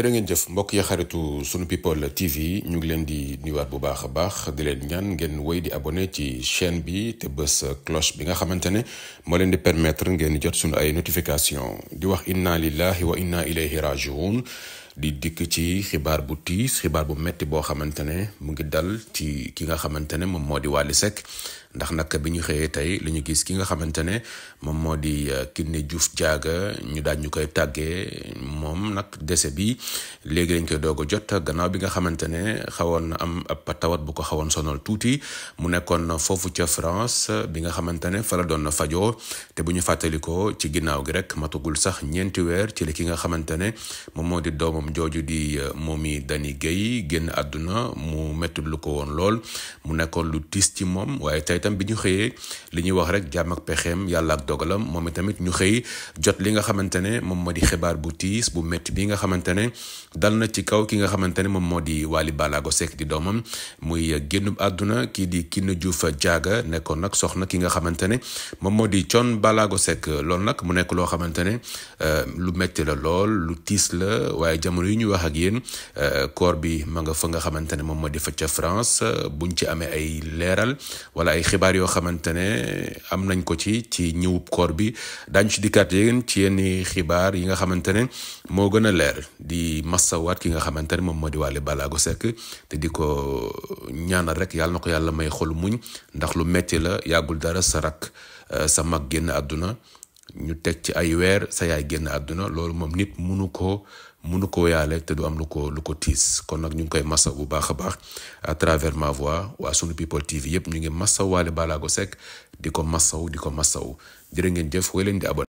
jërë ngeen jëf mbokk yi xaritu sunu people TV ñu ngi leen di nuyuwaat bu baax a baax di leen ñaan ngeen woy di abonné ci chaîne bi te bës cloche bi nga xamante ne moo leen di permettre ngeen di jot suñu ay notification di wax inna lillahi wa inna ilayhi rajiun di dikk ci xibaar bu tiis xibaar bu metti boo xamante ne mu ngi dal ci ki nga xamante ne moom moo di Wally Seck ndax nag bi ñu xëyee tey li ñu gis ki nga xamante ne moom moo di euh, Kiné Diouf Diaga ñu daal ñu koy tàggee moom nag décès bi léegi lañ koy doog jot gannaaw bi nga xamante ne xawoon na am ab bu ko xawoon sonal tuuti mu nekkoon foofu ca France bi nga xamante ne fa la doon fajoo te bu ñu fàttalikoo ci ginnaaw gi rek matugul sax ñeenti weer ci li nga xamante ne moom moo di doomu doomam jooju di euh, Momy Dany Guèye génn àdduna mu métti lu ko woon lool mu nekkoon lu tiis ci moom waaye tey tam bi ñu xëyee li ñuy wax rek jàmm pexeem yàlla ak dogalam moom itamit ñu xëy jot li nga xamante ne moom moo di xibaar bu tiis bu métti bii nga xamante ne dal na ci kaw ki nga xamante ne moom moo di Waly Ballago Seck di doomam muy euh, génn àdduna kii di Kiné Diouf Diaga nekkoon nag soxna ki nga xamante ne moom moo di Thione Ballago Seck loolu nag mu nekk loo xamante ne euh, lu métti la lool lu tiis la waaye jamono yi ñu wax ak yéen euh, corps bi ma nga fa nga xamante ne moom moo di fa ca France euh, buñ ci amee ay leeral wala ay xibaar yoo xamante ne am nañ ko ci ci ñëwub koor bi daañu ci dikkaat yéen ci yenn xibaar yi nga xamante ne moo gën a leer di massawaat ki nga xamante ne moom moo di Wally Ballago sekk te di ko ñaanal rek yàlla na ko yàlla may xol muñ ndax lu metti la yàggul dara sa rak euh, sa mag génn àdduna ñu teg ci ay weer sa yaay génn àdduna loolu moom nit mënu ko yaale te du am lu ko lu ko tiis kon nag ñu ngi koy massa bu baax a baax à travers ma voix waa sunu people TV yëpp ñu ngi massaw waale Balago Seck di ko massaw di ko massaw jërë ngeen jëf leen di abonné